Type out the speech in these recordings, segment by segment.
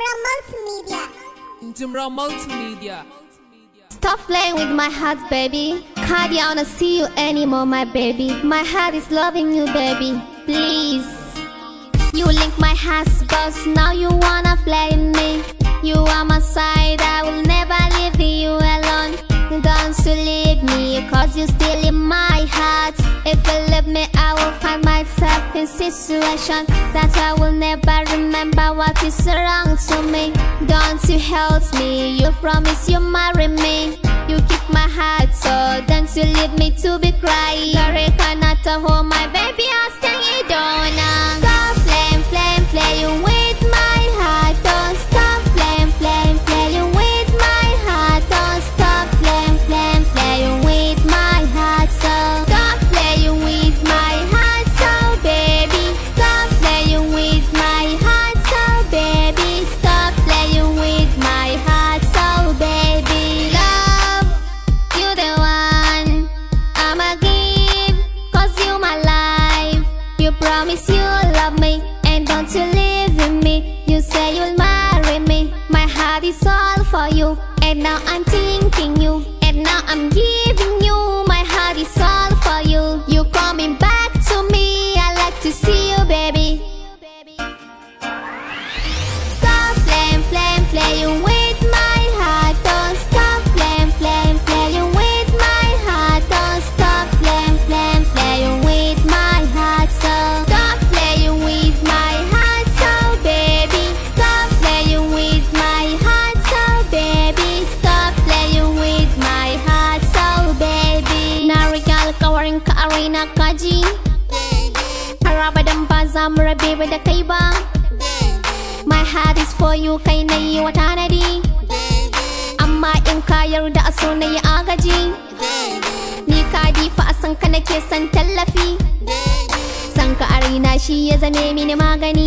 Jimra Multimedia. Jimra Multimedia. Stop playing with my heart, baby. Cardi, I wanna see you anymore, my baby. My heart is loving you, baby. Please. You link my heart's boss, now you wanna play me. You are my side, I will never leave you alone. Don't you leave me, cause you're still in my heart. If you leave me, I will find myself in situation that I will never you surround to me Don't you help me, you promise you'll marry me You keep my heart so don't you leave me to be crying you love me and don't you live with me. You say you'll marry me. My heart is all for you. And now I'm thinking you. And now I'm giving you. My heart is all for you. You kai na kaji haraba abadan ba za mu rabe ba da kai ba my heart is for you kai na yi wa tanadi amma in ka yarda a so na yi agaji ni ka difa a san ka nake san tallafi san ka arina shi ya zame mini magani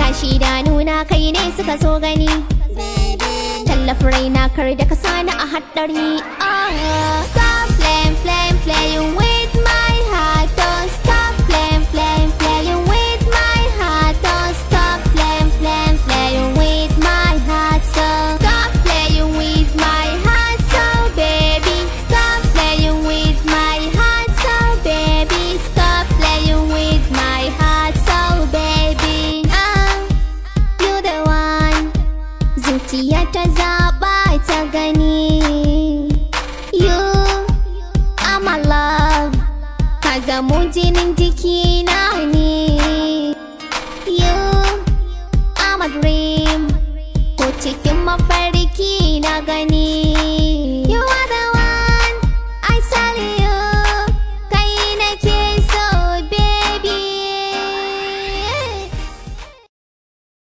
gashi da nuna kai ne suka so gani Tallafi raina kar da ka sani a haɗari ah. ah. jinin jikina ne You, I'm a dream Ko cikin mafarki